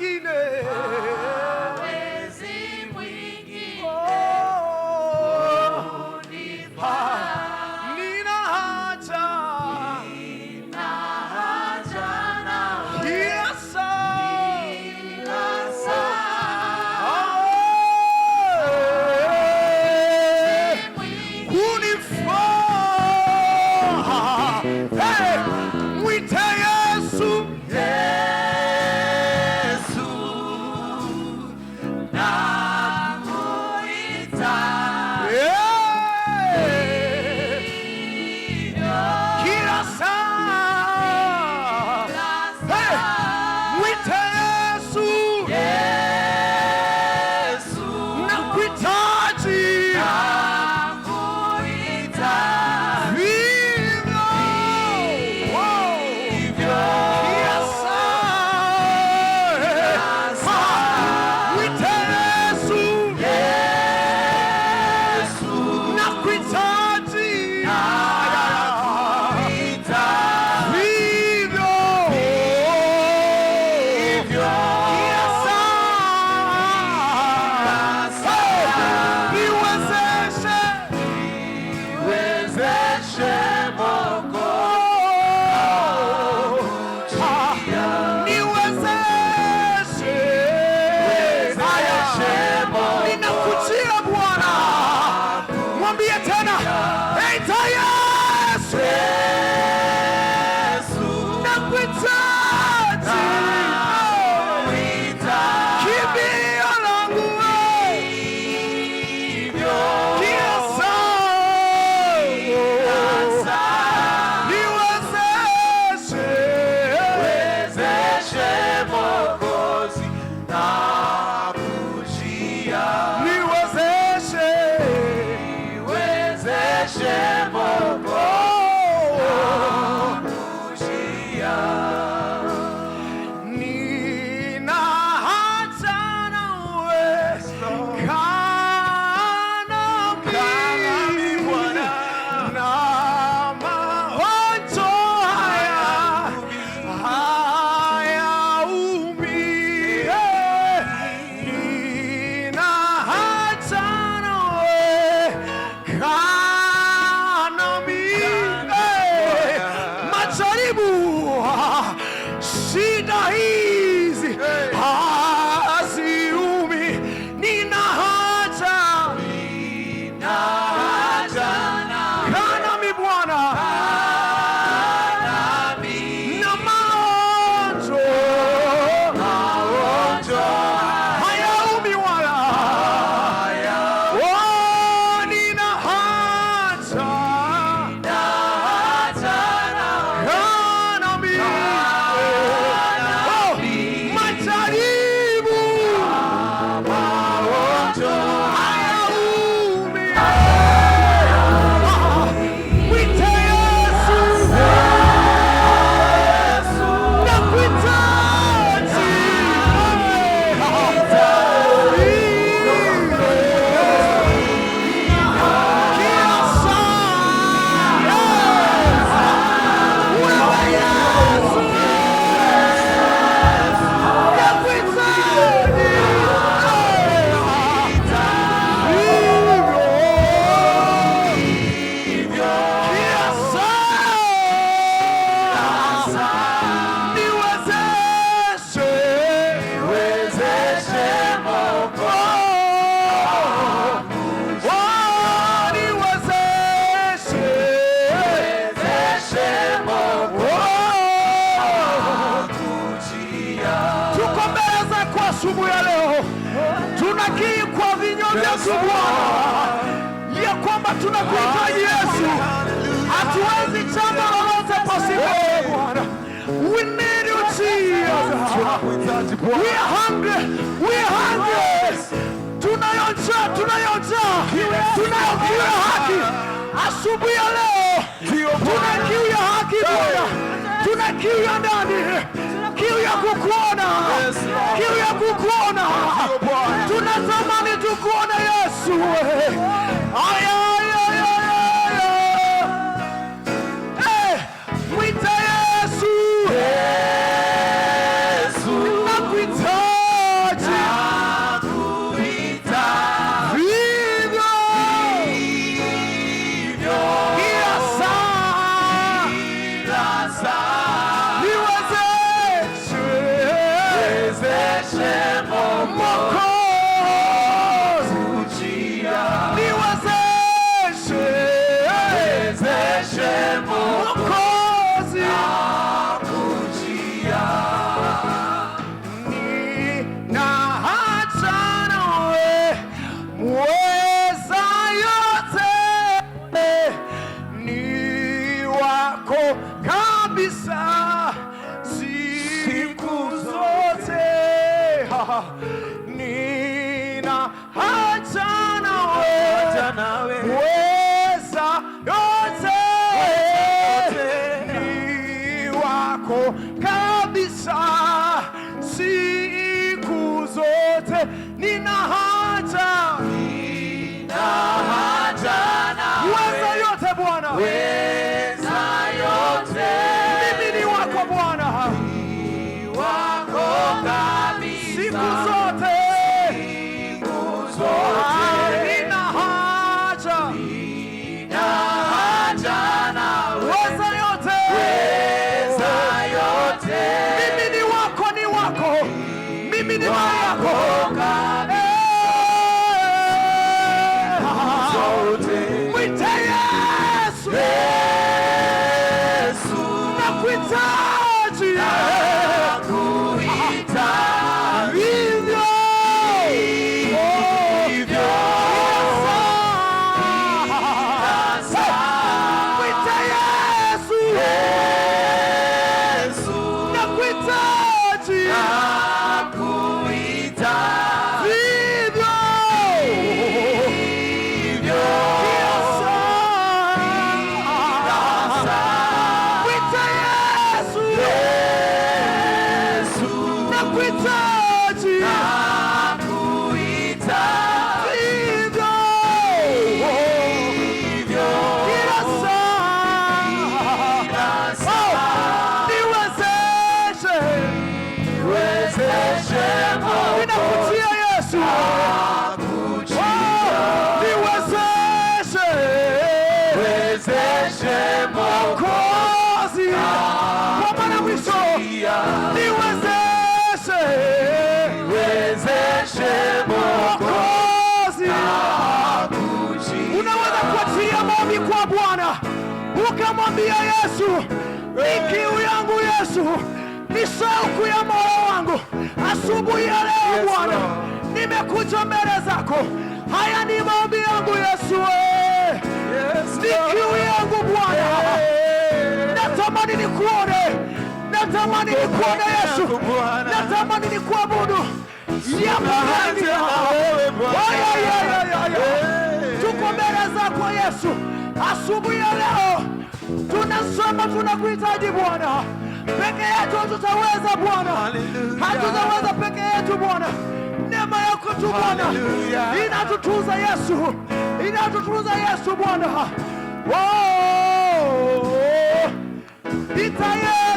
¡Gracias! tunakuhitaji Yesu, hatuwezi jambo lolote pasipo Bwana. We need you Jesus. We are hungry. We are hungry. ya haki. Asubuhi ya leo tuna kiu ya haki Bwana. Tuna kiu ya ndani. Kiu ya kukuona. Kiu ya kukuona. Tunatamani tukuona Yesu. Aya. nitakoka Mwokozi, Mwokozi. Unaweza kuachilia maombi kwa Bwana ukamwambia Yesu, ni kiu yangu Yesu, ni shauku ya moyo wangu asubuhi ya leo Bwana nimekuja mbele zako, haya ni maombi yangu Yesu, yes, ni kiu yangu Bwana hey. Natamani nikuone, natamani nikuone Yesu, natamani nikuabudu Tuko mbele zako Yesu, asubuhi ya leo tunasema, tunakuhitaji Bwana. Peke yetu hatutaweza Bwana, hatutaweza peke yetu Bwana. Neema yako tu Bwana inatutunza Yesu, inatutunza Yesu Bwana. Oh, itaye